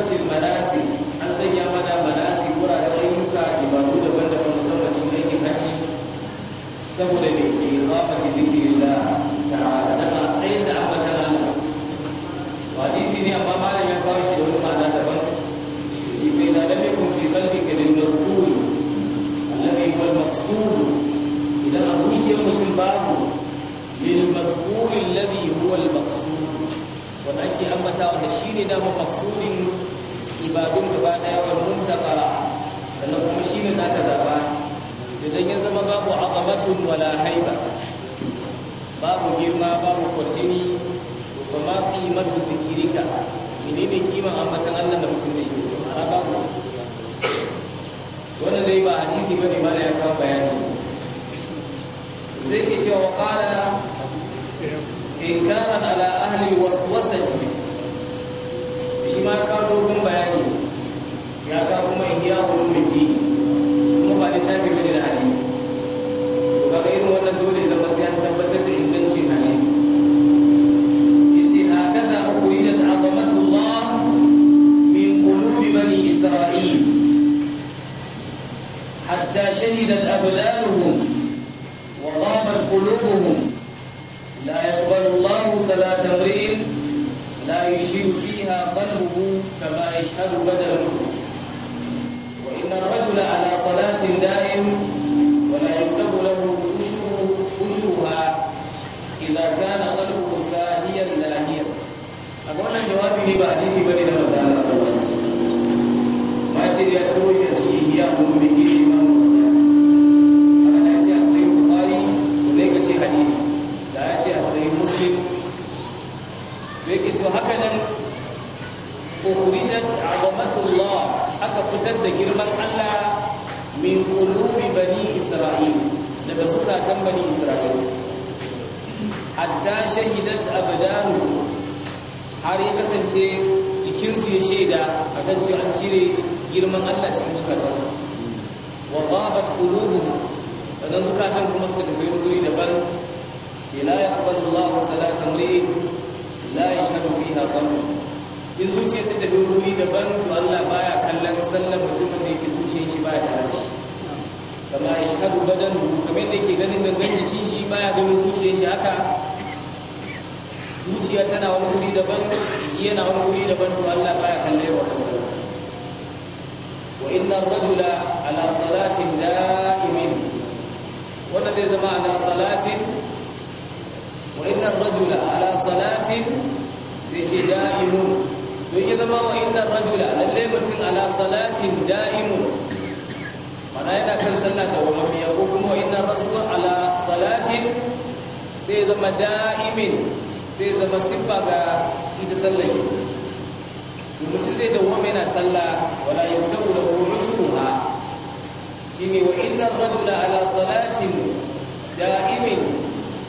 suratul manasik an sanya mana manasik wuraren ayyuka ibadu daban-daban musamman shi aikin hajji saboda ne iqamati dhikrillah ta'ala da tsayin da ambatan Wa hadisi ne amma malam ya kawo shi da wani ma'ana daban shi fa idan lam yakun fi qalbika lil mazkur alladhi huwa al-maqsud idan a zuciyar mutum babu lil mazkur alladhi huwa al-maqsud wanda ake ambata wanda shine da maqsudin ibadun gaba daya wa muntakara sannan kuma shi ne naka zaba idan ya zama babu azamatun wala haiba babu girma babu kwarjini to fa ma qimatu dhikrika menene kima ambatan Allah da mutum zai yi ana babu wannan dai ba hadisi bane ba da ya kawo bayani sai ce wa qala kana ala ahli waswasati shi ma ka dogon bayani ya ka kuma iya ulumuddin kuma ba littafi bane da hadisi to kaga wannan dole zama sai an tabbatar da ingancin hadisi yace hakaza ukhrijat azamatullah min qulubi bani isra'il hatta shahidat abdaluhu بداء ولا يكتب له أجرها إذا كان قلبه ساهيا لاهيا أقول جوابي بعديه بني لما تعالى صلى الله عليه وسلم ما تري أتوجه تيه هي أمور ukhrijat azamatullah aka fitar da girman Allah min qulubi bani isra'il daga zukatan bani isra'il hatta shahidat abdanu har ya kasance jikinsu ya shaida akan ce an cire girman Allah cikin su. wa ghabat qulubuhum sannan zukatan kuma suka tafi wuri daban ce la yaqbalu Allahu salatan li la yashhadu fiha qalbun in zuciya ta tafi wuri daban to Allah baya kallon sallan mutumin da yake zuciyar shi ba tare da shi kama ya shahadu badanu kamar da yake ganin gangan jikin shi baya ganin zuciyar shi haka zuciya tana wani wuri daban jiki yana wani wuri daban to Allah baya kallon yawan kasar wa inna rajula ala salatin da'imin wanda zai zama ala salatin wa inna rajula ala salatin sai ce da'imun don ya zama wa inda rajula lalle mutum ala salatin da'imun mana yana kan sallah da wa mafiya ko kuma wa inda ala salatin sai zama da'imin sai zama siffa ga ita sallah mutum zai dawwama yana sallah wala yabtahu lahu mushruha shine wa inna ar-rajula ala salatin da'imin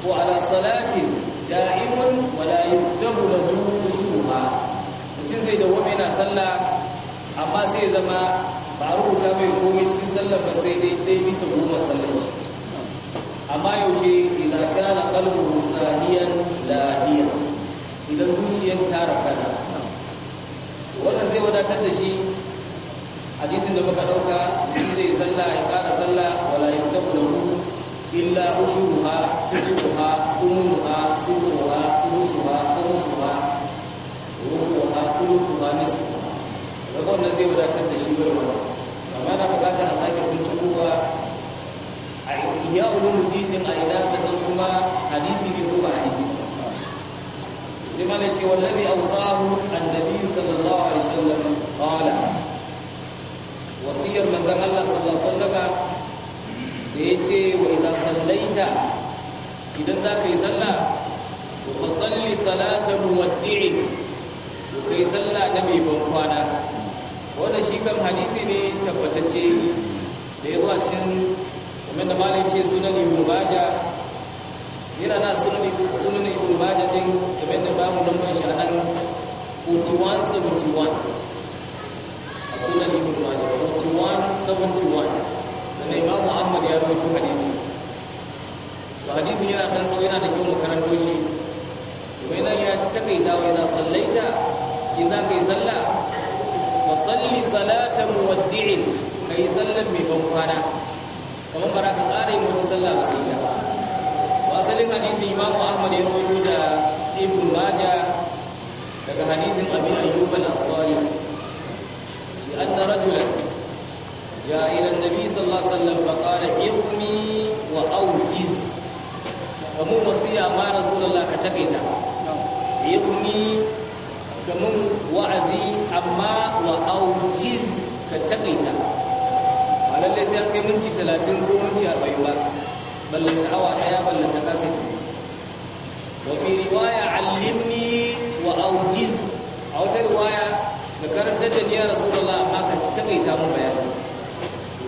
wa ala salatin da'imun wala yabtahu lahu mushruha mutum zai dawo mai na sallah amma sai zama ba a rubuta mai komai cikin sallah ba sai dai dai bisa goma sallar shi amma yaushe ina kana qalbu sahiyan lahiya idan zuciyar ta rakana wannan zai wadatar da shi hadisin da muka dauka mutum zai sallah ya kara sallah wala yaktabu mu illa ushuruha tusuha sumuha sumuha sumuha sumuha daga wannan zai wadatar da shi wurin ba amma na bukatar a sake bincikowa a iya ulumuddin din a ina sannan kuma hadisi ne ko ba hadisi sai ma ce wallazi awsahu annabi sallallahu alaihi wasallam qala wasiyar manzon Allah sallallahu alaihi wasallam da ya ce wa idza sallaita idan za ka yi sallah fa salli salatan muwaddi'in kai sallah na mai ban kwana wannan shi kan hadisi ne tabbatacce da ya zuwa cikin kamar da malai ce sunan ibn baja yana na sunan ibn baja din kamar da babu lambar shi a nan 4171 a sunan ibn baja 4171 sannan imamu ahmad ya rubuta hadisi ba hadisin yana dan tsawo yana da kyau mu karanto shi domin nan ya takaita wa yana sallaita idan kai sallah wa salli salatan muwaddi'in kai sallan mai ban kwana kamar bara ka ƙara yin wata sallah ba sai ta wa asalin hadisin imamu ahmad ya rawaito da ibn majah daga hadisin abi ayyub al-ansari ci anna rajulan جاء إلى النبي صلى الله عليه وسلم فقال إغمي وأوجز ومو وصية ما رسول الله كتقيتا إغمي ka wa'azi amma wa aujiz ka taƙaita ba lallai sai an kai minti talatin ko minti arba'in ba ballanta awa ɗaya ballanta kasa wa fi riwaya allimni wa aujiz a wata riwaya da karanta da ni ya rasulullah amma ka taƙaita mun bayani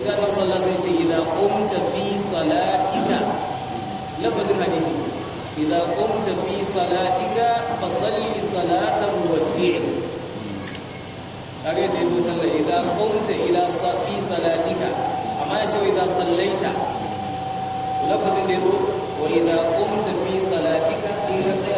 sai Allah sallallahu alaihi wasallam sai ce idan qumta fi salatika lafazin hadisi idza qumta fi salatika fa salli salatan wadi' kage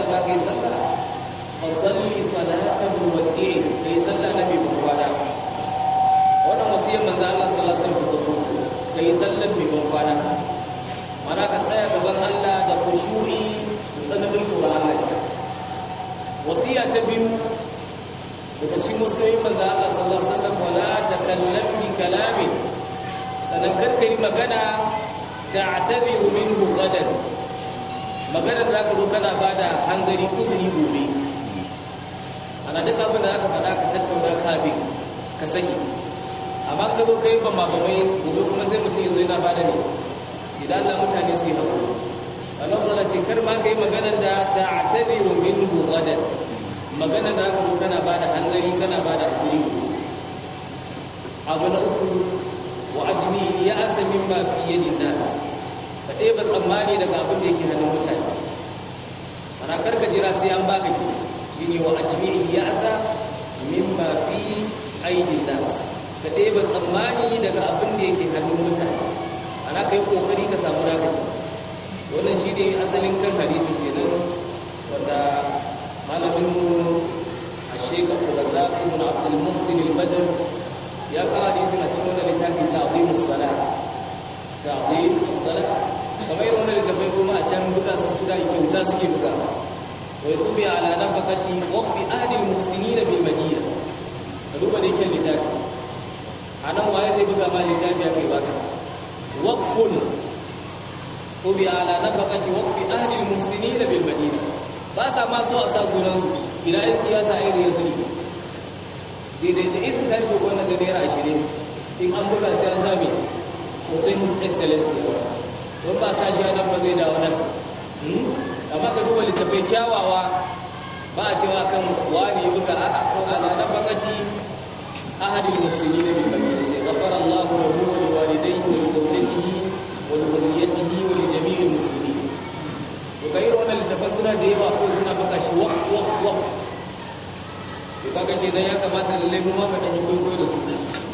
shi musayi yi manzo Allah sallallahu alaihi wasallam wala takallam kalami sanan karka yi magana ta'tabiru minhu gadan magana da zaka zo kana bada hanzari uzuri gobe ana duk abin da zaka faɗa ka tattauna ka bi ka saki amma ka zo kai ba mabawai gobe kuma sai mutum yanzu yana bada ne idan Allah mutane su yi hakuri Allah sallallahu alaihi wasallam ce kar ma kai magana da ta'tabiru minhu gadan magana da aka kana ba da hanzari kana ba da hakuri abu na uku wa ajmi ya asa ba fiye fi yadi ba ka ba tsammani daga abin da yake hannun mutane ana karka jira sai an baka shi ne wa ajmi ya asa min ma fi aidi ba ka ba tsammani daga abin da yake hannun mutane ana kai kokari ka samu naka wannan shi ne asalin kan hadisin kenan wanda malamin mu a shekaru da na abdul muhsin al ya kawo hadithin a cikin wannan littafi ta'zim as-salah ta'zim kamar irin wannan littafin kuma a can buga su suka kyauta suke buga wa yubi ala nafaqati waqfi ahli al-muhsinin bil madina duba da yake littafi a zai buga ma ba sa ma so a sa sunansu ina yin siyasa irin yasu ne daidai da isa sai su wannan da naira ashirin in an buga sai an sami hoton his excellency don ba sa shi a nan ba zai dawo nan hmm? amma ka duba littafai kyawawa ba a cewa kan wani yi buga a ko a na bakaci hadin musulmi na bin bakin shi ghafara Allahu da wa wani dai da zawjatihi wa li wani wa li jami'il wani wa Musulmi. ga suna da yawa ko suna baka shi wak wak wak to kaga kenan ya kamata lallai mu ma mu dan yi kwaikwayo da su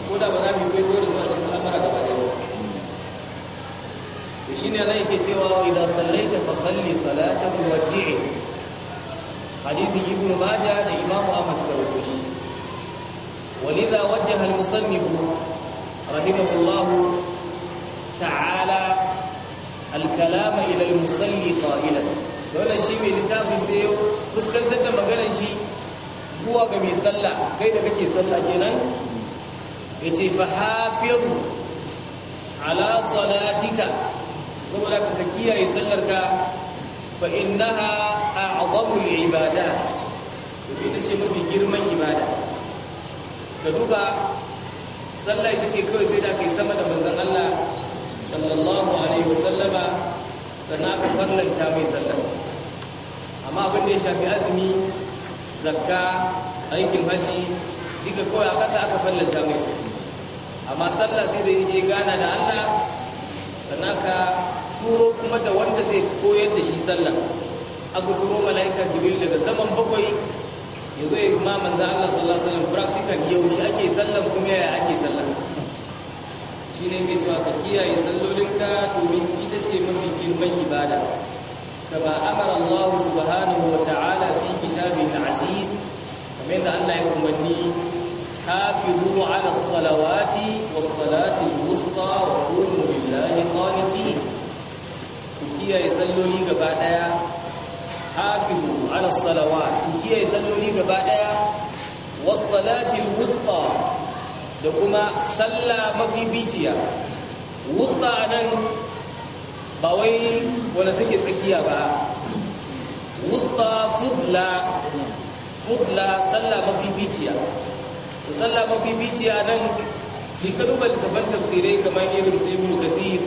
ko da ba za mu yi kwaikwayo da su a cikin al'amara gaba ɗaya ba to shine nan yake cewa idan sallaita fa salli salatan muwaddi'i hadisin ibn majah da imamu ahmad da rawaito shi ولذا وجه المصنف رحمه الله تعالى الكلام إلى المصلي قائلا da wannan shi mai littafin sai ya fuskantar da maganar shi zuwa ga mai sallah kai da kake sallah kenan ya ce fa hafiyar ala salatika saboda ka kiyaye sallarka fa innaha a al-ibadat to ita ce mafi girman ibada ka duba sallah ita ce kawai sai da yi sama da manzan Allah sallallahu alaihi wasallama sannan ka farlanta mai sallah amma abin da ya shafi azumi zakka aikin hajji duka kawai a kasa aka fallanta mai su amma sallah sai da yake gana da Allah sannan ka turo kuma da wanda zai koyar da shi sallah aka turo mala'ika jibril daga saman bakwai ya zo ya ma manzo Allah sallallahu alaihi wasallam practical yaushe ake sallah kuma yaya ake sallah ne mai cewa ka kiyaye sallolinka domin ita ce mafi girman ibada a amara Allah subhanahu wa ta'ala fi kitabihi al-aziz kamar da Allah ya umarni hafizu ala as-salawati was-salati al-wusta wa qumu lillahi qanitin ku kiyaye salloli gaba daya hafizu ala as-salawat ku kiyaye gaba daya da kuma sallah mafi biciya wusta nan. ba wai wani suke tsakiya ba wusta fudla fudla sallah mabibiciya to sallah nan ni ka duba littafan tafsirai kamar irin su ibnu kathir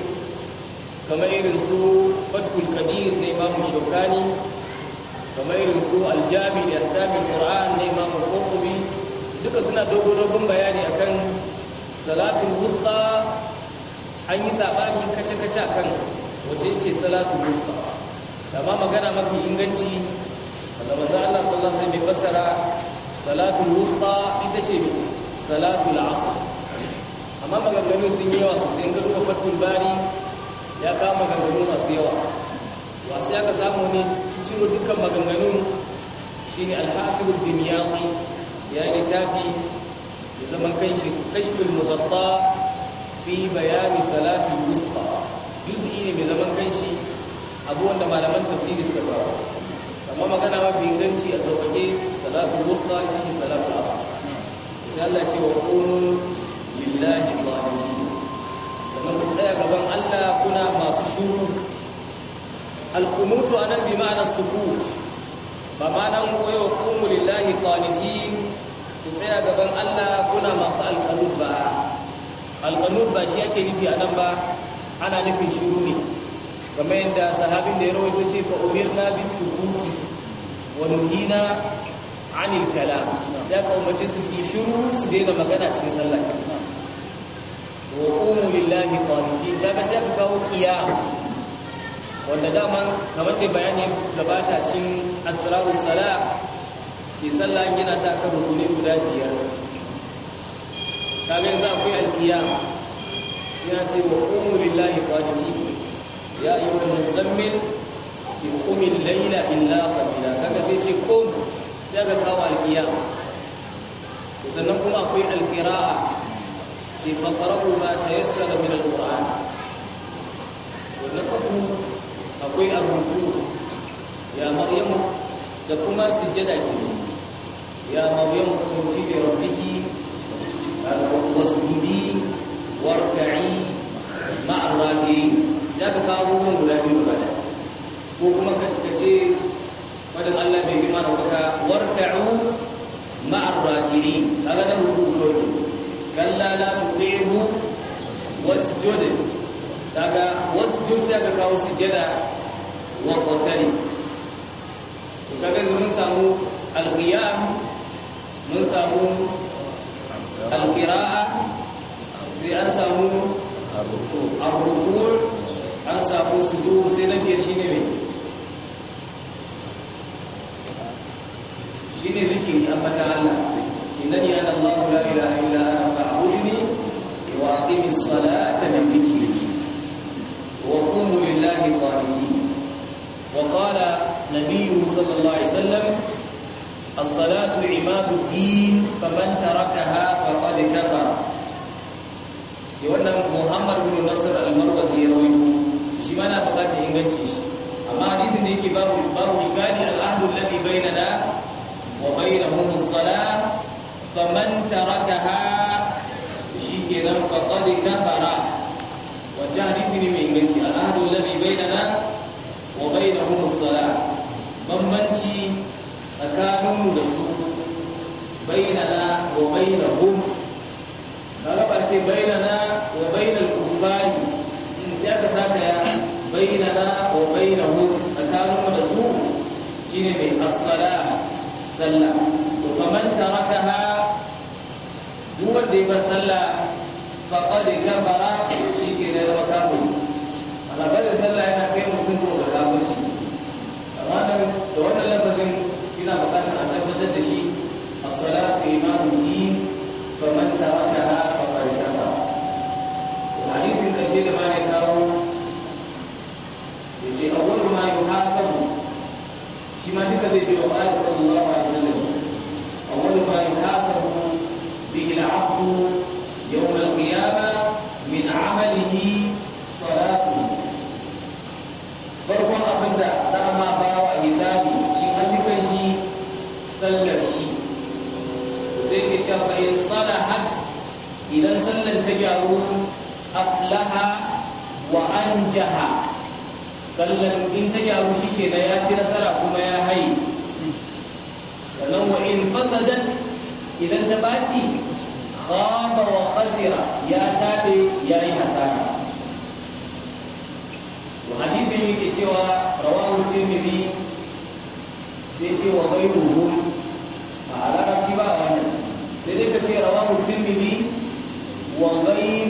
kamar irin su fathul qadir na imamu shaukani kamar irin su aljami da tabi qur'an na imamu qurtubi duka suna dogo dogon bayani akan salatul wusta an yi sabani kace kace akan wace ce salatu wusta da ba magana mafi inganci wanda Allah sallallahu alaihi wasallam fassara salatu wusta ita ce ne salatu al-asr amma maganganu sun yi yawa sosai in ga fatul bari ya kama maganganu masu yawa wasu ya ka samu ne ciciro dukkan maganganun shine al-hafiz ad-dimyati ya littafi ya zaman kanshi kashful mutatta fi bayani salatul wusta ne mai zaman kanshi abu wanda malaman tafsiri suka kawo amma magana mafi inganci a sauƙaƙe salatu wusta cikin salatu asr sai Allah ce wa qulu lillahi qanitin sannan ku tsaya gaban Allah kuna masu shuru al-qunutu anan bi ma'ana sukut ba ma'ana wa qumu lillahi qanitin ku tsaya gaban Allah kuna masu alqanut ba alqanut ba shi ake nufi anan ba ana nufin shiru ne kamar yadda sahabin da ya rawaito ce fa umirna bis sukuti wa nuhina anil kalam sai aka umarce su su shiru su daina magana cikin sallah wa qumu lillahi qanitin ba sai aka kawo qiyam wanda dama kamar da bayani gabata cin asrarus sala ke sallah yana ta kan rukuni guda biyar za yanzu akwai alqiyam ya ce wa qumu lillahi qaniti ya yi ayyuhal muzammil ki qumi layla illa qalila Kaka sai ce kom sai ka kawo alqiyam Da sannan kuma akwai alqira'a ce fa qara'u ma tayassara min alquran wannan ku akwai arruku ya maryamu da kuma sujjada kenan يا مريم قوتي لربك واسجدي warka'i ma'ar ya za ka kawo abubuwan guda biyu ba da ko kuma ka ce wadda Allah mai girma da kuka warka'u ma'ar raji'in kaga nan ruku kawai kalla la tuqihu wasjud daga wasjud sai ka kawo sujada wa qatari to kaga mun samu alqiyam mun samu alqira'a sai an samu arrukur an samu sudu sai na biyar ne mai shi shine zikiri ambatan Allah innani ana Allah la ilaha illa ana fa'budni wa aqimis salata li dhikri wa qum lillahi qanitin wa qala nabiyyu sallallahu alaihi wasallam as-salatu imadu din faman tarakaha faqad kafara shi wannan muhammad bin nasr al-marwazi ya rawaito shi ma na bukatar inganci shi amma hadisin da yake babu babu ishgali al-ahd alladhi bainana wa bainahum as-salah faman tarakaha shikenan faqad kafara wajen hadisi ne mai inganci al-ahd alladhi bainana wa bainahum as-salah bambanci tsakaninmu da su bainana wa bainahum ka ce bainana baina al-kuffari sai aka saka ya baina na wa bainahu tsakanin da su shine sallah to faman tarakaha duk wanda ya bar sallah faqad kafara shikenan labarin sallah yana kai mutum zuwa da wannan lafazin ina buƙatar a tabbatar da shi a salatu imanu din faman ha. ƙarshe da ma kawo ya ce awwalu ma yuhasabu shi ma duka zai biyo ba sallallahu alaihi wasallam awwalu ma yuhasabu bihi al-'abdu yawm al wa an jaha sannan in ta gyaru shi na ya ci nasara kuma ya haye sannan wa in fasadat idan ta baci khaba wa khasira ya tabe ya yi hasara wa hadithin yake cewa rawahu tirmidhi sai ce wa ghayruhum ba a larabci ba wannan sai dai ka ce rawahu tirmidhi wa ghayruhum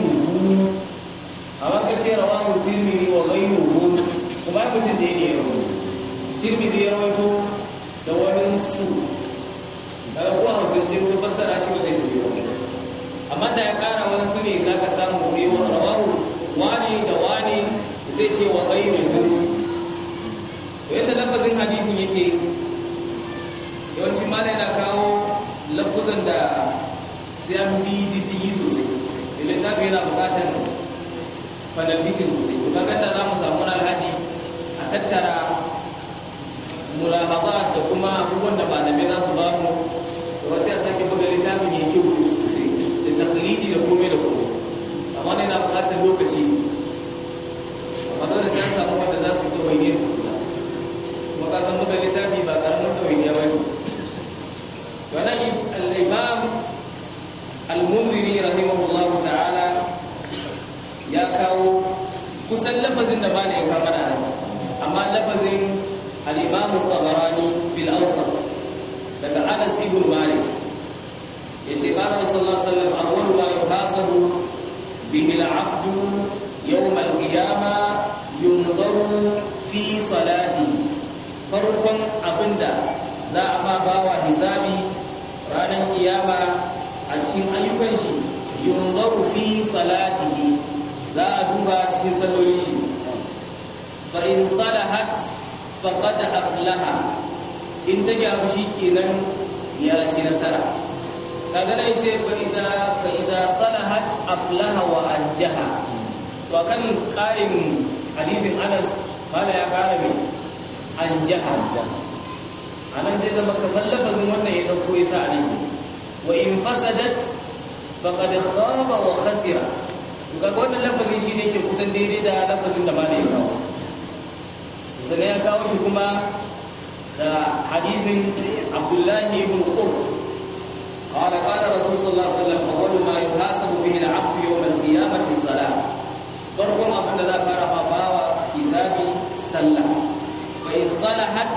mutum da ya rawaito da ya rawaito da wani su daga ko hausance ko fassara shi wajen zai tafi amma da ya kara wani su ne za ka samu ne wa rawaru wani da wani zai ce wa da ghairu to yadda lafazin hadisin yake yawancin mala yana kawo lafuzan da sai an bi diddigi sosai da littafi yana bukatar fanalbitin sosai to kaga za mu samu alhaji tattara mulahaza da kuma abubuwan da malamai za su ba mu kuma sai a sake buga littafin yankin kyau sosai da takiriji da komai da komai amma ne na bukatar lokaci farkon abinda za a ba bawa hisabi ranar kiyama a cikin ayyukan shi yunzaru fi salatihi za a duba cikin salolin shi fa in salahat faqad aflaha in ta gyaru shi kenan ya ci nasara kaga nan ce fa idza salahat aflaha wa anjaha to kan karin hadithin Anas mala ya kara mai an jahar jahar a nan zai zama kamar lafazin wannan ya ɗauko ya sa a nan wa in fasadat faqad khaba wa khasira to wannan lafazin shi ne ke kusan daidai da lafazin da ma da ya kawo sannan ya kawo shi kuma da hadithin abdullahi ibn qurt قال قال رسول صلى da عليه وسلم اول ما يحاسب به العبد يوم القيامه da za ابن fara فارا باوا حسابي sallah salahat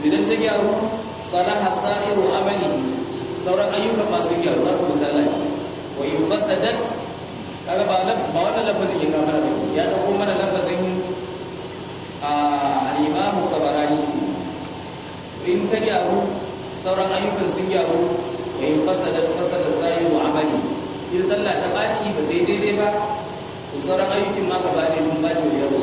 idan ta gyaru, salaha sa'iru, amali sauran ayyukan masu gyaru masu misali wa in fasadat kada ba ba wannan lafazin ya kama da ya dauko mana lafazin al-imam tabarani in ta gyaru sauran ayyukan sun gyaru wa in fasadat fasada sa'iru amali in sallah ta baci ba ta yi daidai ba to sauran ayyukan ma ba ne sun baci wa yaro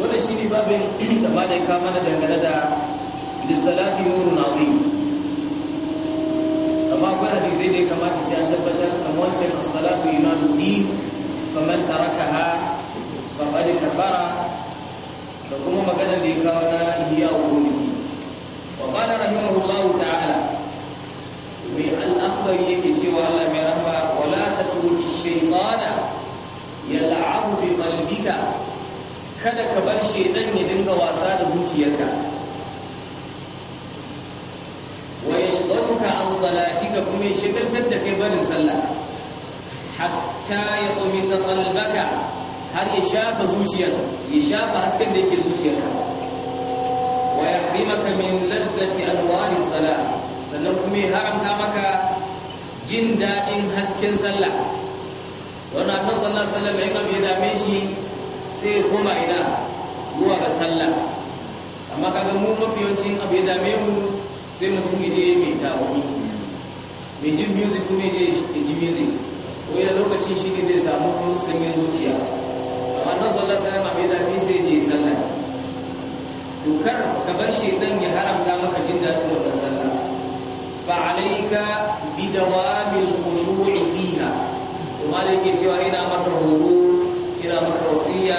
wannan shine babin da malai ka mana dangane da lissalati na azim amma akwai hadisai da ya kamata sai an tabbatar kamar wancan as-salatu imanu di faman tarakaha faqad kafara da kuma maganar da ya kawo na ihya ulumuddin wa qala rahimahullahu ta'ala mai al yake cewa Allah mai rahma wala tatruki shaytana yal'abu bi qalbika kada ka bar shedan ya dinga wasa da zuciyarka wa yashghaluka an salatika kuma ya shagaltar da kai barin sallah hatta ya qumisa qalbaka har ya shafa zuciyar ya shafa hasken da yake zuciyarka wa yahrimaka min ladati anwar salah sannan kuma ya haramta maka jin daɗin hasken sallah wannan annabi sallallahu alaihi wasallam ya dame shi sai kuma ina zuwa ga sallah amma kaga mu mafi yawancin abu ya dame mu sai mutum ya je mai tawani mai jin music kuma ya je ji music ko yana lokacin shi ne zai samu sanyin zuciya amma nan sallah sai ma dame sai ya je sallah dokar ka bar shi dan ya haramta maka jin daɗin wannan sallah فعليك بدوام الخشوع فيها وما لك cewa ina maka horo yana maka wasiya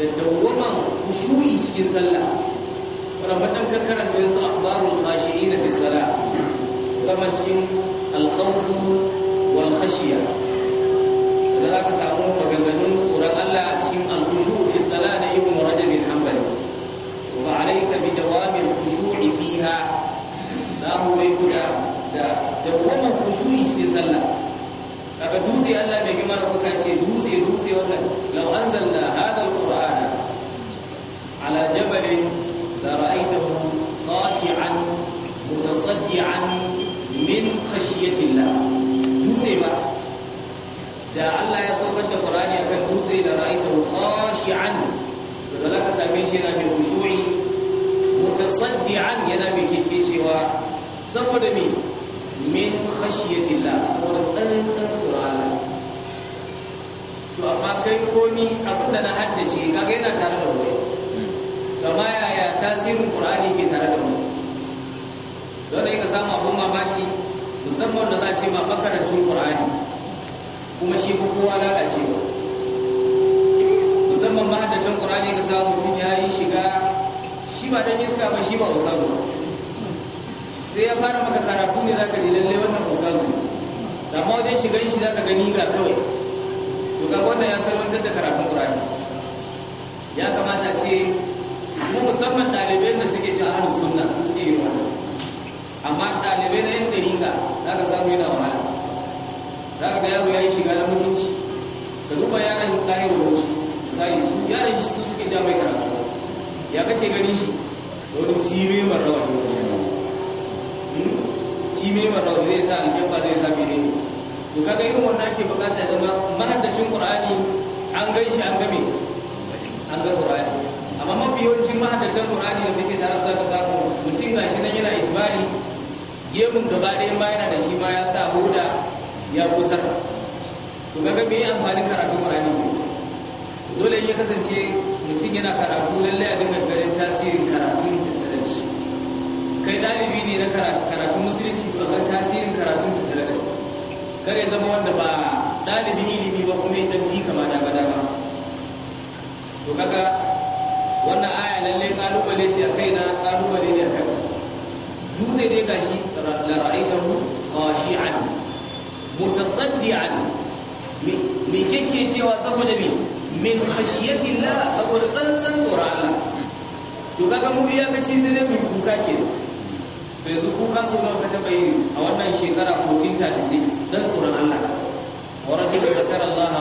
da dawwaman khushu'i cikin sallah wannan fadan karkaranta wasu akhbarul khashi'ina fi salah sama cikin al-khawf wal khashiya dan aka samu maganganun tsoron Allah cikin al-khushu' fi salah na ibn rajab al-hanbali fa alayka bi dawami al-khushu'i fiha la hawla da dawwaman khushu'i cikin sallah daga dutse Allah mai girma da kuka ce dutse dutse wannan law anzalna hadha alqur'ana ala jabalin la ra'aytahu khashi'an mutasaddian min khashyati Allah dutse ba da Allah ya saukar da Qur'ani akan dutse da ra'aytahu khashi'an da zaka same shi yana mai khushu'i mutasaddian yana mai kike cewa saboda me min khashiyatillah saboda tsanin tsan tsoron Allah to amma kai komi abinda na haddace kaga yana tare da wuri kama yaya tasirin qur'ani ke tare da mu don ka samu abun mamaki musamman da za a ce ma makarantun qur'ani kuma shi ko kowa lalacewa musamman mahaddatan qur'ani ka samu mutum ya yi shiga shi ba dan iska ba shi ba ustazu ba sai ya fara maka karatu ne zaka ji lalle wannan ustazu da ma wajen shigan shi zaka gani ga kawai to ga wannan ya salwantar da karatun Qur'ani ya kamata ce mu musamman ɗalibai da suke ci ahlus sunna su suke yi wannan amma ɗalibai na yan dariƙa zaka samu yana wahala zaka ga yaro ya yi shiga na mutunci ka duba yaran ɗahir wuce misali su yaran shi su suke ja karatu ya kake gani shi da wani tibe mara wani wajen shi mai marau zai sa ba zai sa mai dai to kaga irin wannan ake bukata zama mahaddacin qur'ani an gan shi an game an ga qur'ani amma mafi yawancin mahaddacin qur'ani da muke tare sa ka samu mutum gashi nan yana isbali gemun gaba ɗaya ma yana da shi ma ya sa hoda ya kusar to kaga me amfanin karatu qur'ani dole in ya kasance mutum yana karatu lallai a dinga ganin tasirin karatun kai ɗalibi ne na karatun musulunci to ga tasirin karatun ta tare da kar ya zama wanda ba ɗalibin ilimi ba kuma idan ɗan bi kama da ba dama to kaga wannan aya lalle kalubale ce a kai na kalubale ne a kai dutse ne gashi la ra'aitahu khashi'an mutasaddian me kike cewa saboda me min khashiyatillah saboda tsantsan tsoron Allah to kaga mu kace sai dai mu kuka kenan to yanzu ko kasu ba ka taɓa yi a wannan shekara 1436 don tsoron Allah wa da zakar Allah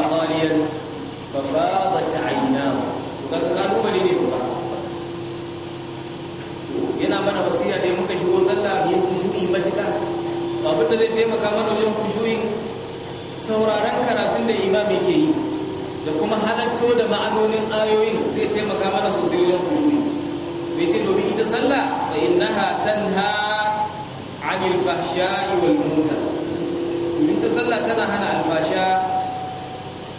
Ba fa fadat aynahu to kaga kalubale ne ba yana mana wasiya da muka shigo sallah yin kushu'i matuka abin da zai taimaka mana wajen kushu'in sauraron karatun da imami ke yi da kuma halatto da ma'anonin ayoyin zai taimaka mana sosai wajen kushuri bai ce domin ita sallah ha, tan ha! عن الفحشاء والمنكر تصلى sallah tana hana alfasha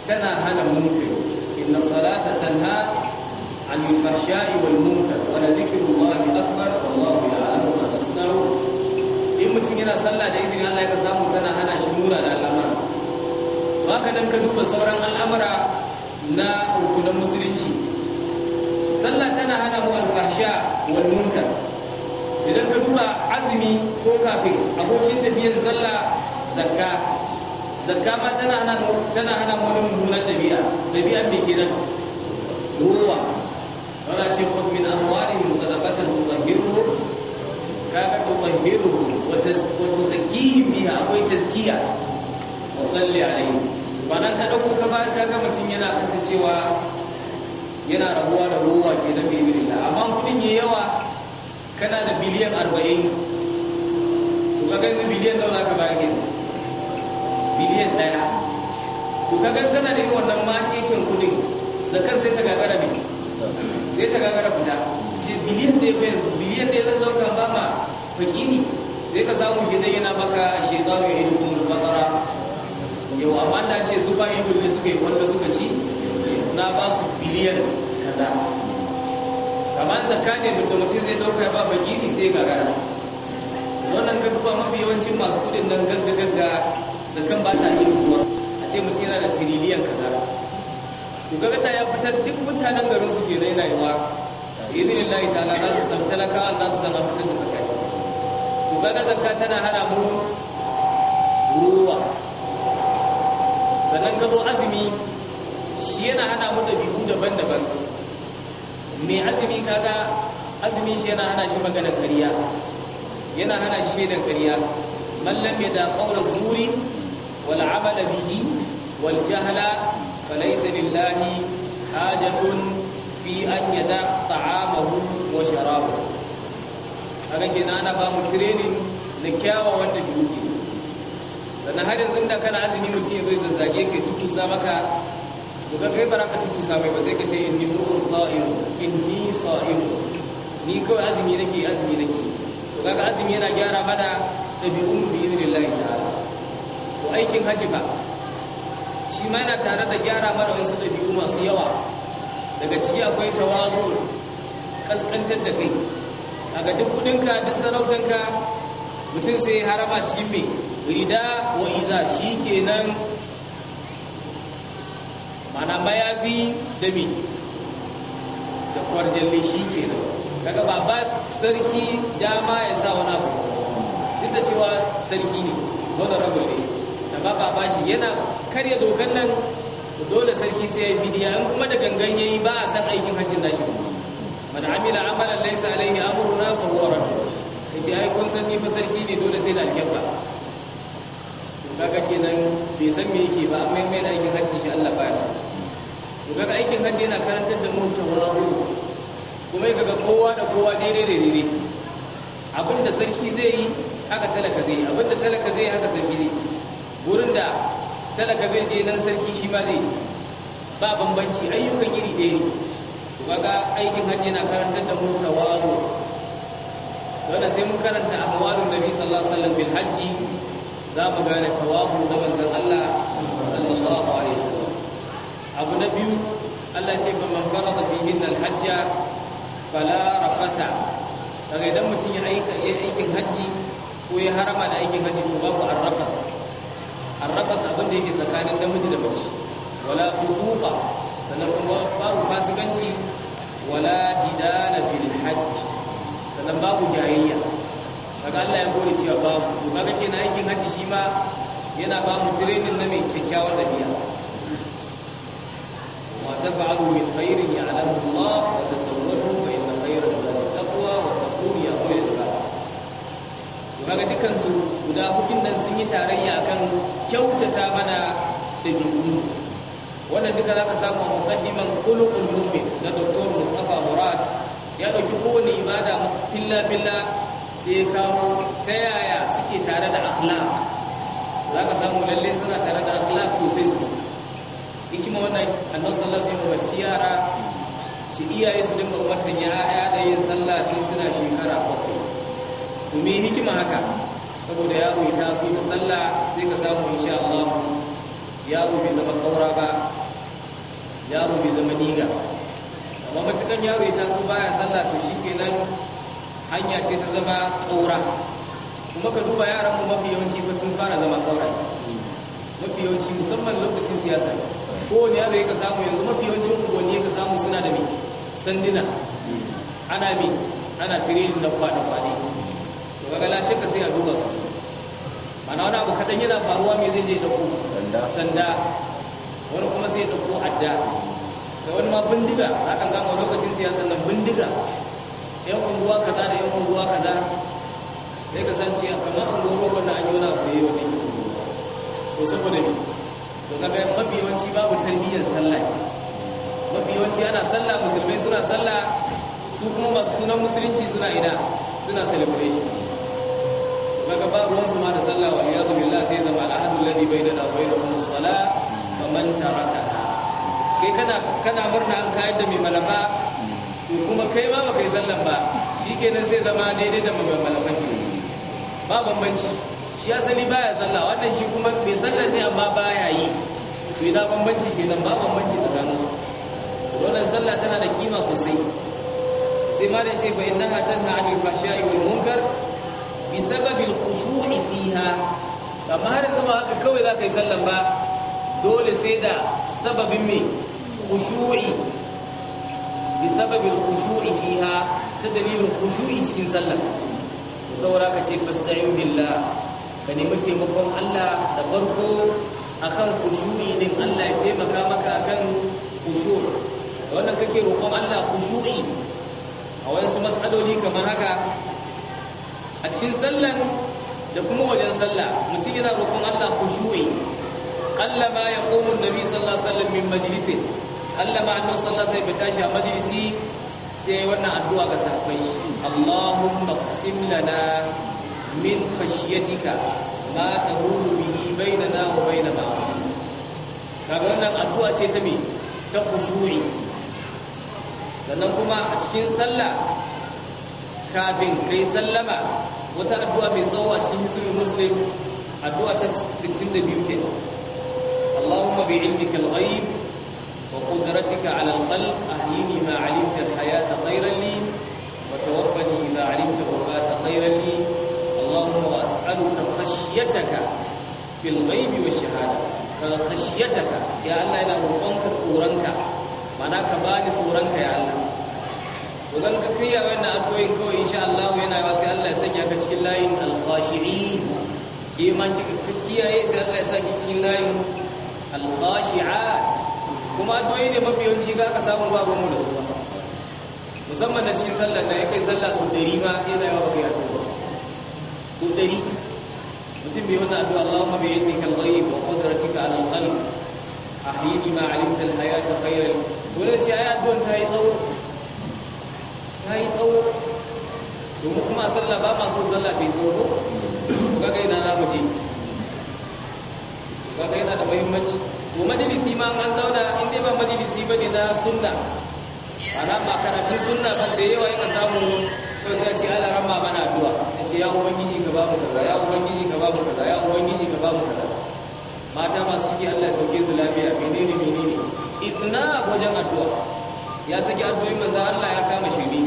tana hana munkar inna salata tanha anil fahsha'i wal munkar wa dhikrullahi in mutum yana sallah da idin Allah ya samu tana hana shi mura da Ba ka dan ka duba sauran al'amara na rukunan musulunci sallah tana hana mu alfasha wal munkar idan ka duba azumi ko kafin abokin tafiyar sallah zakka zakka ma tana hana tana hana wani mummunan dabi'a dabi'a me nan ruwa wala ce ko min amwalihim sadaqatan tutahhiruhum kaga tutahhiruhum wa tuzakkihim biha akwai tazkiya wa salli alaihim banan ka dauko ka ba ga mutun yana kasancewa yana rabuwa da ruwa kenan da. billah amma kudin yayi yawa kana da biliyan arba'in ku ka gani biliyan dola za ka bayar gida biliyan ɗaya ku ka gani kana da yi wannan makekin kudin zakan sai ta gagara mai sai ta gagara fita ce biliyan ɗaya bayan biliyan ɗaya zan zauka ba ma fakini zai ka samu shi dai yana maka shekaru ya idu kuma fatara yau amma ta ce su ba yi ne suka yi wanda suka ci na ba su biliyan kaza amma zakka ne da mutum zai dauka ba bagiri sai gara wannan ga duba mafi yawancin masu kudin nan gagga gagga zakan ba ta yi mutuwa a ce mutum yana da tiriliyan kaza ku ga da ya fitar duk mutanen garin su kenan yana yiwa idin Allah ta'ala za su san talakawa za su san fitar da zakka ga ga zakka tana hana mu ruwa sannan ka zo azumi shi yana hana mu dabi'u daban-daban mai azumi kaga azumi shi yana hana shi maganar ƙarya yana hana shi shaidar ƙarya mallam ya da ƙaura zuri wal amala bihi wal jahala falaysa billahi hajatun fi an yada ta'amahu wa sharabahu kaga kenan ana ba mu training na kyawawan ɗabi'u sannan har yanzu da kana azumi mutum ya bai zazzage kai tuttuza maka to ga kai baraka tutusa mai ba sai ka ce inni mu'un sa'im inni sa'im ni kawai azumi nake azumi nake to ga azumi yana gyara mana dabi'un bi idnillahi ta'ala ko aikin haji ba shi ma yana tare da gyara mana wasu dabi'u masu yawa daga ciki akwai tawazu kaskantar da kai kaga duk kudinka duk sarautanka mutum sai harama cikin mai rida wa iza shi kenan ana mayafi da mi da kwarjalli shi ke da daga ba sarki dama ya sa wani abu duk da cewa sarki ne wanda rabu ne da ba ba shi yana karya dokan nan dole sarki sai ya yi fidiya in kuma da gangan yayi ba a san aikin hajjin nashi man amila amalan laysa alaihi amruna fa huwa rabb yace ai kun san ni ba sarki ne dole sai da alƙibla to kaga kenan bai san me yake ba amma mai aikin hajjin shi Allah ba ya so to ga aikin hajji yana karantar da mu tawadu kuma ya ga kowa da kowa daidai da daidai abinda sarki zai yi haka talaka zai yi abinda talaka zai yi haka sarki zai wurin da talaka zai je nan sarki shi ma zai ba bambanci ayyukan iri ɗaya ne to ga aikin hajji yana karantar da mu tawadu dole sai mun karanta ahwalun nabi sallallahu alaihi wasallam bil hajji za mu gane tawadu na manzon Allah sallallahu alaihi wasallam abu na biyu Allah ce fa man farada fihi al-hajja fala rafatha daga idan mutum ya aika ya aikin haji ko ya harama da aikin haji to babu arrafath arrafath abin da yake tsakanin namiji da mace wala fusuqa sannan kuma babu fasikanci wala jidala fil hajj sannan babu jayayya daga Allah ya gode cewa babu to kaga kenan aikin haji shi ma yana ba mu training na mai kyakkyawar dabi'a تفعلوا من خير يعلمه الله وتزودوا فإن خير الزاد التقوى واتقون يا أولي الألباب وهذا دكان سو غدا هدين نان سن yi tarayya akan kyautata mana dabi'u wannan duka zaka samu muqaddiman khuluqul mu'min na Doktor Mustafa Murad ya dauki kowane ibada filla filla sai kawo ta yaya suke tare da akhlaq zaka samu lalle suna tare da akhlaq sosai sosai hikima wannan annon sallallahu sai wasallam shi yara shi iyaye su dinga umartan ya'ya da yin sallah tun suna shekara bakwai domin hikima haka saboda yaro ya taso da sallah sai ka samu sha Allah yaro bai zama kaura ba yaro bai zama niga amma matukan yaro ya taso baya sallah to shikenan hanya ce ta zama kaura kuma ka duba yaran mu mafi yawanci ba sun fara zama kaura mafi yawanci musamman lokacin siyasa kowane yaro ya ka samu yanzu mafi yawancin unguwanni ya ka samu suna da mi sanduna ana mi ana tirin da kwane-kwane to ga lashe ka sai a duba sosai mana wani abu kaɗan yana faruwa mai zai je dauko. sanda wani kuma sai dauko adda da wani ma bindiga za ka samu lokacin siyasar nan bindiga yan unguwa kaza da yan unguwa kaza zai kasance kamar unguwa wannan an yi wani abu da yi wani ko saboda ne to kaga mafi yawanci babu tarbiyyar sallah mafi yawanci ana sallah musulmai suna sallah su kuma masu sunan musulunci suna ina suna celebration kaga babu wasu ma da sallah wa iyadu billah sai zama al'ahadu alladhi bainana da bainahum as sala wa man taraka kai kana kana murna an kayar da mai malafa? to kuma kai ma ba kai sallan ba shikenan sai zama daidai da mai malafa ba bambanci shi asali baya sallah wannan shi kuma mai sallah ne amma baya yi to ina bambanci kenan ba bambanci tsakanin su wannan sallah tana da kima sosai sai ma da ce fa innaha tanha 'anil fahsha'i wal munkar bi sababi khushui fiha amma har yanzu ba haka kawai za ka yi sallan ba dole sai da sababin mai khushu'i bi sababin khushu'i fiha ta dalilin khushu'i cikin sallan saboda ka ce fasta'in billah ka nemi taimakon Allah da farko akan khushu'i din Allah ya taimaka maka akan khushu' wannan kake roƙon Allah khushu'i a wasu mas'aloli kamar haka a cikin sallan da kuma wajen sallah mutum yana roƙon Allah khushu'i qalla ma yaqumu an-nabi sallallahu alaihi wasallam min majlisin qalla ma annabi sallallahu alaihi wasallam tashi a majlisi sai wannan addu'a ga sahabbai shi Allahumma qsim lana min khashiyatika ma tahulu bihi bainana wa bain ma'asiyik kaga wannan addu'a ce ta me ta khushu'i sannan kuma a cikin sallah kafin kai sallama wata addu'a mai tsawo a cikin hisbul muslim addu'a ta 62 kenan Allahumma bi ilmika al-ghaib وقدرتك على الخلق أحيني ما علمت الحياة خيرا لي وتوفني إذا علمت الوفاة خيرا لي as'aluka khashyataka fil ghaibi wash shahada khashyataka ya Allah ina ka tsoronka mana ka bani tsoronka ya Allah idan ka kiya wannan addu'o'in kawai insha Allah yana yawa sai Allah ya sanya ka cikin layin al-khashi'in ke ma kika kiyaye sai Allah ya saki cikin layin al-khashi'at kuma addu'o'i ne mafi yawanci ka ka samu babu mu da su ba musamman na cikin sallar da ya kai sallah su ɗari ma yana yawa kai addu'a su ɗari mutum bai wannan addu'a Allahumma bi ilmika al-ghaib wa a nan al A ahyini ma 'alimta al-hayata khayran Wani shi ayi addu'a ta yi tsawo ta yi tsawo domin kuma sallah ba ma so sallah ta yi tsawo ko ga ina za mu je kaga yana da muhimmanci ko majalisi ma an zauna in dai ba majalisi bane na sunna ana ma karatun sunna kan da yawa yana samu ko sai ce Allah rahma mana addu'a ya ce ya ubangiji ka ba kaza ya ubangiji ka ba kaza ya ubangiji ka ba kaza mata masu ciki Allah ya sauke su lafiya menene menene idna wajen addu'a ya saki addu'o'in manzo Allah ya kama shiri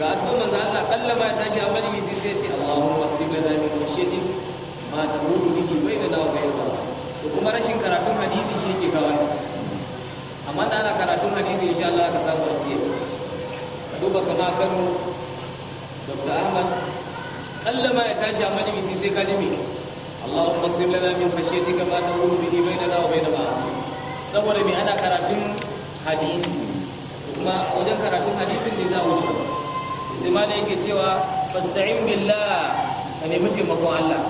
ga addu'ar manzo Allah Allah ma ya tashi a majalisi sai ya ce Allahumma sib lana min khashyati ma tahulu bihi bainana wa bainal ma'asi to kuma rashin karatun hadisi shi yake kawo amma da ana karatun hadisi insha Allah ka samu ajiya duba kama Kano Dr. Ahmad kalla ma ya tashi a majalisi sai ka jimi Allahumma qsim lana min khashyatika ma tahulu bihi bainana wa bain ma'asik saboda me ana karatun hadisi kuma wajen karatun hadisin ne za a wuce sai ma da yake cewa fasta'in billah ka nemi taimakon Allah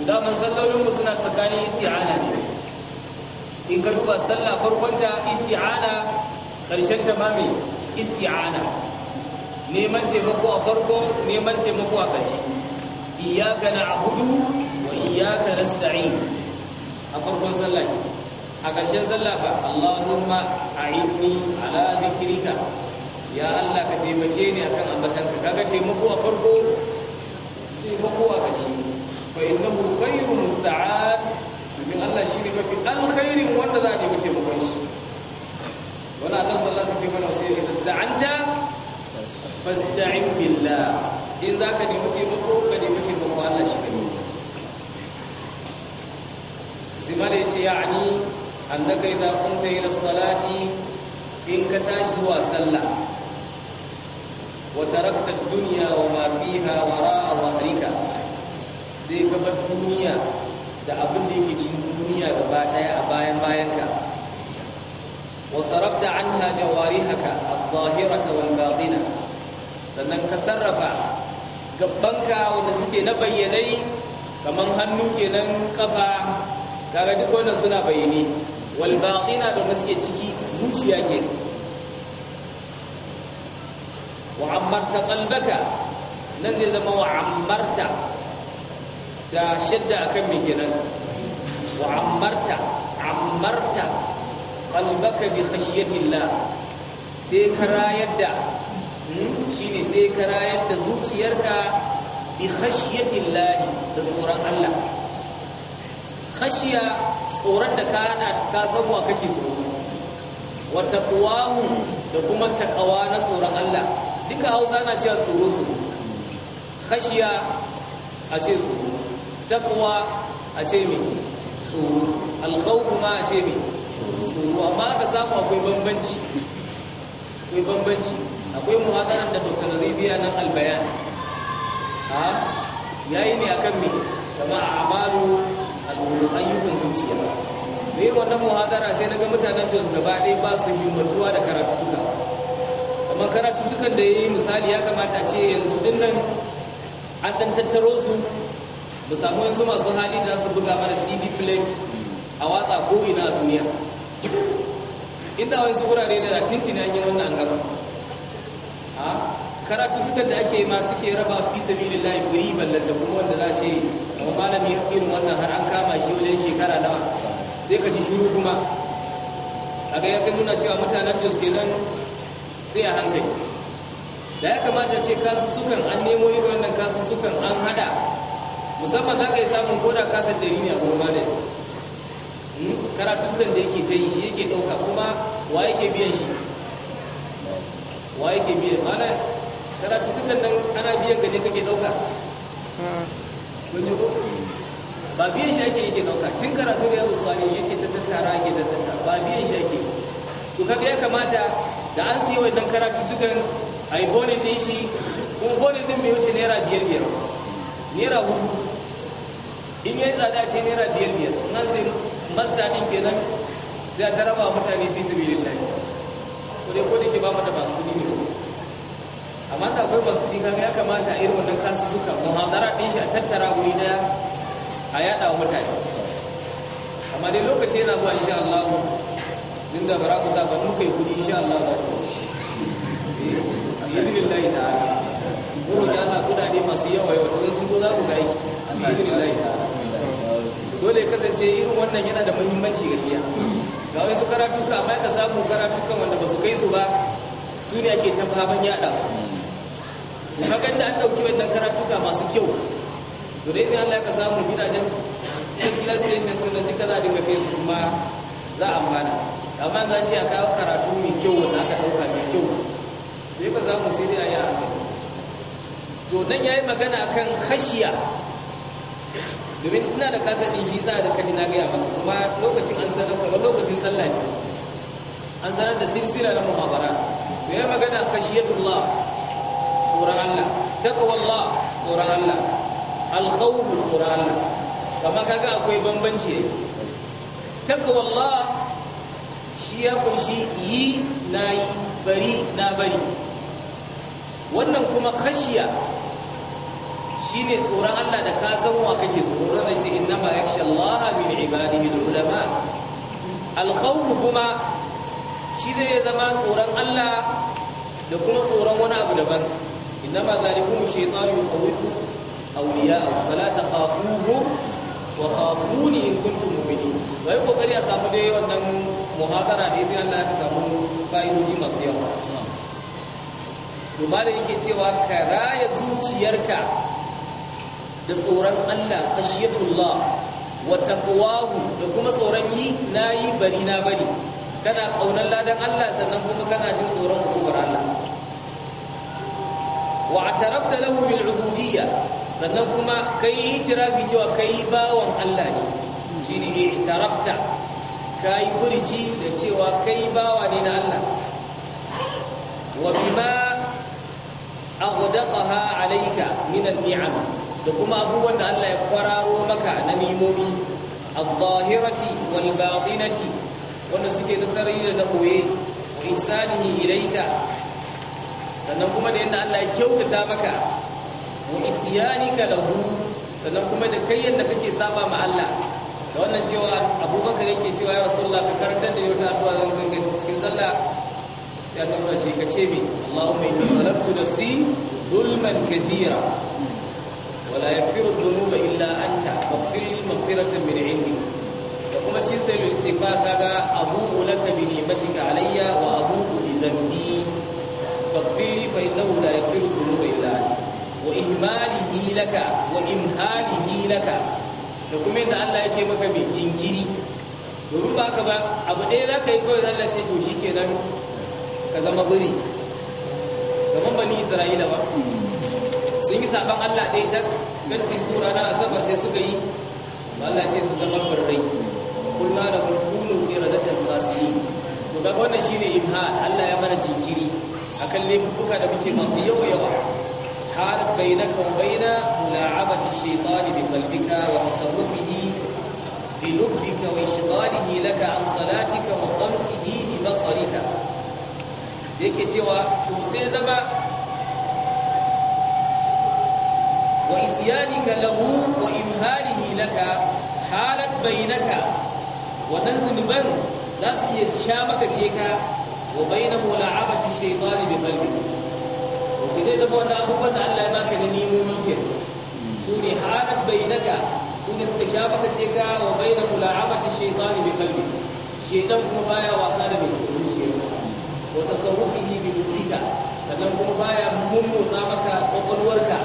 to da man sallolin mu suna tsakanin isti'ana ne in ka duba sallah farkonta isti'ana karshen ta mame isti'ana neman taimako a farko neman taimako a ƙarshe iyyaka na'budu wa iyyaka nasta'in a farkon sallah ce a ƙarshen sallah fa Allahumma a'inni ala dhikrika ya Allah ka taimake ni akan ambatanka kaga taimako a farko taimako a ƙarshe fa innahu khairu musta'an domin Allah shine mafi alkhairin wanda za a nemi taimakon shi wala Allah sallallahu alaihi wasallam sai da za'anta fasta'in billah in za ka nemi taimako ka nemi taimako Allah shi ne zima ya ce ya ani annaka idza kunta ila salati in ka tashi wa sallah wa tarakta duniya wa ma fiha wara'a wahrika sai ka bar duniya da abin da yake cikin duniya gaba daya a bayan bayanka wa sarafta anha haka a zahira ta batinah sannan ka sarrafa gabbanka wanda suke na bayyanai kamar hannu kenan kafa kaga duk wannan suna bayyane wal baqina da suke ciki zuciya ke wa ammarta qalbaka nan zai zama wa ammarta da shadda akan me kenan wa ammarta ammarta qalbaka bi khashyatillah sai ka rayar da shine sai ka rayar da zuciyarka bi khashiyatillahi da tsoron Allah khashiya tsoron da ka ka san wa kake tsoro wa taqwahu da kuma taqwa na tsoron Allah duka Hausa na cewa tsoro tsoro khashiya a ce tsoro taqwa a ce me tsoro al-khawf ma a ce me tsoro amma ka samu akwai bambanci akwai bambanci akwai muhadaran da dr rabiya nan albayan a yayi ne akan me kama amalu alwulu ayyukan zuciya da yin wannan muhadara sai naga mutanen jos gaba ɗaya ba su himmatuwa da karatutuka amma karatutukan da ya yi misali ya kamata ce yanzu dinnan an dan tattaro su mu samu yanzu masu hali da su buga mana cd plate a watsa ko ina a duniya inda wasu wurare da tintina yin wannan gaba karatuttukan da ake ma suke raba fi sabilillahi guri ballar da kuma wanda za ce wa malami irin wannan har an kama shi wajen shekara nawa sai ka ji shiru kuma a ga yakan nuna cewa mutanen da suke nan sai a hankali da ya kamata ce kasussukan an nemo irin wannan kasussukan an hada musamman za ka yi samun koda kasar da ne a kuma malami hmm? karatuttukan da yake ta yi shi yake ɗauka kuma wa yake biyan shi wa yake biyan karatuttukan nan ana biyan ka ne kake ɗauka ko ba biyan shi ake yake ɗauka tun karatu da yaro sani yake ta tattara yake ta tattara ba biyan shi ake to kaga ya kamata da an siya wannan karatuttukan a yi bonin ɗin shi kuma bonin ɗin bai wuce naira biyar biyar naira hudu in yi tsada ce naira biyar biyar nan sai masta ɗin kenan sai ta raba mutane fi sabilillahi ko dai ko da ke ba mu da masu kuɗi ne amma da akwai masu kudi kaga ya kamata irin wannan kasu suka muhadara din shi a tattara guri daya a yada wa mutane amma dai lokaci yana zuwa insha Allah din da bara ku saba mun kai kuɗi insha Allah za ku idinillahi ta'ala ko da Allah masu yawa yawa to sun zo za ku gari aiki idinillahi ta'ala dole kasance irin wannan yana da muhimmanci gaskiya ga wasu ka amma ka samu kan wanda ba su kai su ba su ne ake ta yada su Ka kaga da an dauki wannan karatuka masu kyau to dai Allah ya ka samu gidajen satellite station din da kaza za a dinga kai su kuma za a amfana amma za ce a kawo karatu mai kyau wanda aka dauka mai kyau sai ba za mu sai dai a yi a to nan yayi magana akan khashiya domin ina da din shi sa da kaji na gaya maka kuma lokacin an sanar kuma lokacin sallah ne an sanar da silsila na muhabara to yayi magana khashiyatullah tsoron Allah taqwallah tsoron Allah al-khawf tsoron Allah kamar kaga akwai bambanci taqwallah shi ya kunshi yi nayi, bari na bari wannan kuma khashiya shine tsoron Allah da ka san wa kake tsoron da ce innama yakhsha Allah min ibadihi al-ulama al-khawf kuma shi zai zama tsoron Allah da kuma tsoron wani abu daban إنما ذلكم الشيطان يخوف أولياءه فلا تخافوهم وخافوني samu كنتم مؤمنين ويقول قرية سامدي وأنهم محاضرة بإذن الله كسامون فإنه masu yawa. domin da yake cewa ka raya zuciyarka da tsoron Allah khashiyatullah wa taqwahu da kuma tsoron yi nayi bari na bari kana kaunar ladan Allah sannan kuma kana jin tsoron hukumar Allah wa atarafta lahu ubudiyya sannan kuma kai itirafi cewa kai bawan Allah ne shine itarafta kai kurici da cewa kai bawa ne na Allah wa bima aghdaqaha alayka min an-ni'am da kuma abubuwan da Allah ya kwararo maka na nimomi al-zahirati wal batinati wanda suke da sarari da koye insanihi ilayka sannan kuma da yadda Allah ya kyautata maka wa isyanika lahu sannan kuma da kai yadda kake saba ma Allah da wannan cewa Abubakar yake cewa ya Rasulullah ka karantar da wata addu'a zan ganganta cikin sallah sai Allah sa ce ka ce mi Allahumma inni zalamtu nafsi zulman kathira wala yaghfiru dhunuba illa anta faghfir li maghfiratan min 'indik da kuma cin sai lil sifa kaga abu ulaka bi ni'matika alayya wa abu li dhanbi فاغفر فإنه لا يغفر الذنوب إلا أنت وإهماله لك وإمهاله لك الله يكي مكا من جنجري domin ba ka ba abu ɗaya za ka yi kawai Allah ce to shi kenan ka zama kamar bani isra'ila ba sun yi saban Allah ɗaya ta garsi sura na asabar sai suka yi Allah ce su zama da shine imha Allah ya mana jinkiri akan laifuka da muke masu yawa yawa har bainaka wa baina mula'abati shaytani bi qalbika wa tasarrufihi bi lubbika wa ishghalihi laka an salatika wa qamsihi bi basarika yake cewa to sai zama wa isyanika lahu wa imhalihi laka halat bainaka wa wannan zunuban za su iya sha maka ce ka wa bayna mula'abati shaytani bi qalbi to kidai da wannan abubuwan da Allah ya baka da nimomi ke su ne halat bainaka su ne suka sha baka ce ka wa bayna mula'abati shaytani bi qalbi shaytan kuma baya wasa da zuciyar wa tasarrufihi bi mulika sannan kuma baya mummusa maka kwakwalwarka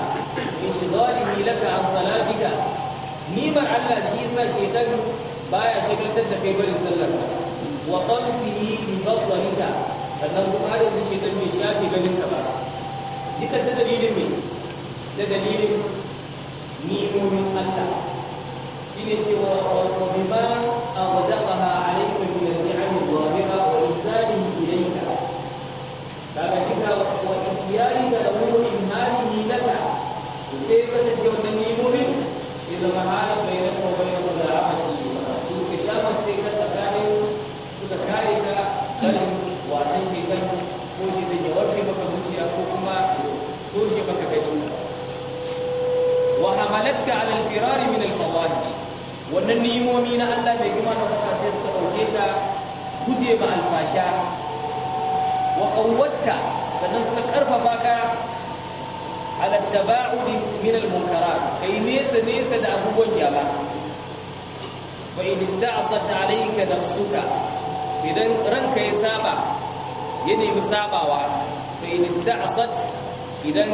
in shigalihi laka an salatika Allah shi yasa shaytan shagaltar da kai sallar wa qamsihi bi basarika sannan kuma har yanzu shi bai shafi ganin ka ba duka ta dalilin me ta dalilin ni'imomin Allah shine cewa wa bima aghdaqaha alayka min al-ni'am al-zahira wa ihsanihi ilayka kaga duka wa isyanika lahu min halihi laka sai kasance wannan ni'imomin ya zama halatta ala alfirari min wannan ni'imomi na Allah bai girma da kuka sai suka dauke ka guje ma alfasha wa qawwatka sannan suka karfafa ka ala taba'ud min almunkarat kai nesa nesa da abubuwan yaba fa in ista'sat alayka nafsuka idan ranka ya saba ya nemi sabawa fa in ista'sat idan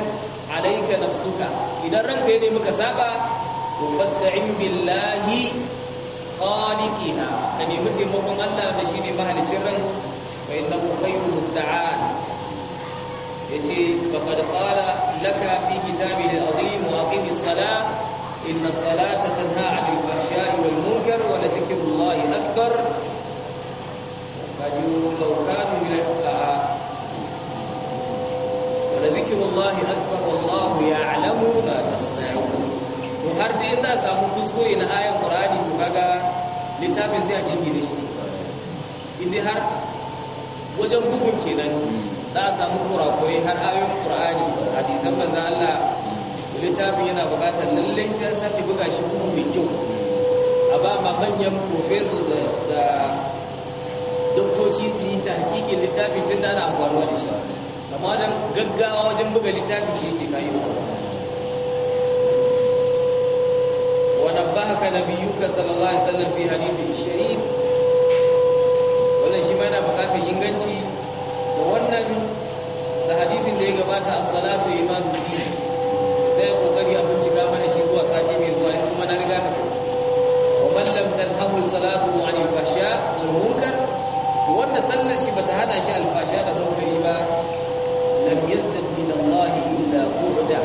alaika nafsuka idan ranka ya nemi ka saba to fasta'in billahi khaliqiha ka nemi taimakon Allah da shi ne mahalicin ran fa innahu khayrul musta'an yace faqad qala laka fi kitabihi al-azim wa aqimis salah inna as-salata tanha 'anil fahsha'i wal munkar wa ladhikrullahi akbar fajulu law kanu yu'lamun لذكر الله أكبر والله يعلم ما تصنعون وهر دي samu kuskure na إن آية قرآني تكاكا littafin sai a jirgi da shi inda har wajen bugun kenan za a samu kurakurai har ayoyin ƙur'ani wasu hadisan manzan Allah littafin yana buƙatar lalle sai an sake buga shi kuma mai kyau a ba ma manyan profeso da doktoci su yi ta hakikin littafin tun da ana amfanuwa da shi amma dan gaggawa wajen buga littafi shi ke kayi wa biyu nabiyyuka sallallahu alaihi wasallam fi hadithin sharif wannan shi ma yana bukatar inganci da wannan da hadithin da ya gabata a salatu iman din sai kokari a bincika mana shi zuwa sati mai zuwa kuma na riga ka ce wa mallam lam tanhahu salatu anil fahsha wal munkar wanda sallar shi bata hada shi alfasha da munkari ba lam yazdad min Allah illa bu'da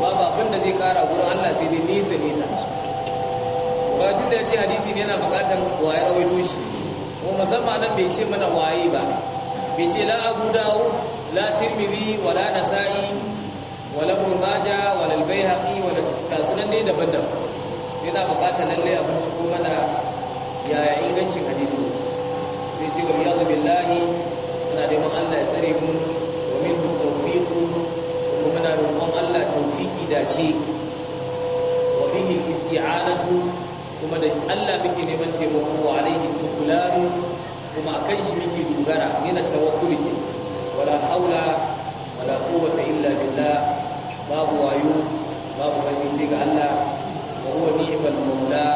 ba ba abin da zai kara gurin Allah sai dai nisa nisa ba tun da ya ce hadisi ne yana bukatan waye rawaito shi ko musamman nan bai ce mana waye ba bai ce la Abu Dawud la Tirmidhi wala Nasa'i wala Ibn Majah wala al wa wala kasulan dai daban-daban yana bukatar lalle a ko mana yaya ingancin hadisi sai ce wa billahi ana neman Allah ya tsare mu to muna roƙon Allah taufiki dace wa bihi isti'anatu kuma da Allah muke neman taimako wa alaihi tukularu kuma akan shi muke dogara yana tawakkuli ke wala haula wala quwwata illa billah babu wayo babu bani sai ga Allah wa huwa ni'mal maula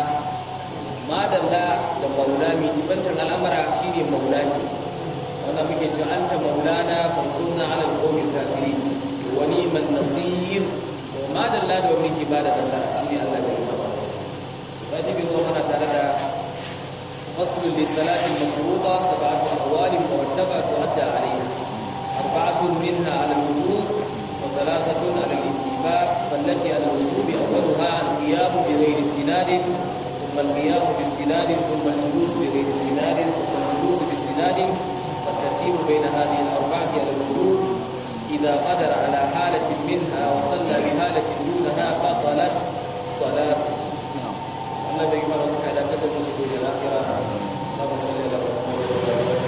madalla da maula mai jibantar al'amara shine maula ke wannan muke cewa an maulana fansuna ala alqawmi kafiri wa ni man nasir wa ma da lada wa muke bada nasara shine Allah bai yi ba sai bi Allah tare da fasl li salati mafruda sab'atu aqwali mu'tabah tu'adda alayha arba'atu minha ala alwujub wa thalathatu ala alistibab fallati ala alwujub awwaluha alqiyam bi ghairi istinadin thumma alqiyam bi istinadin thumma alwujub bi ghairi istinadin thumma alwujub bi istinadin الترتيب بين هذه الأربعة على الوجود إذا قدر على حالة منها وصلى بحالة دونها بطلت صلاته نعم. الذي مرضك لا تدم الشهود الآخرة اللهم صل على محمد وعلى آله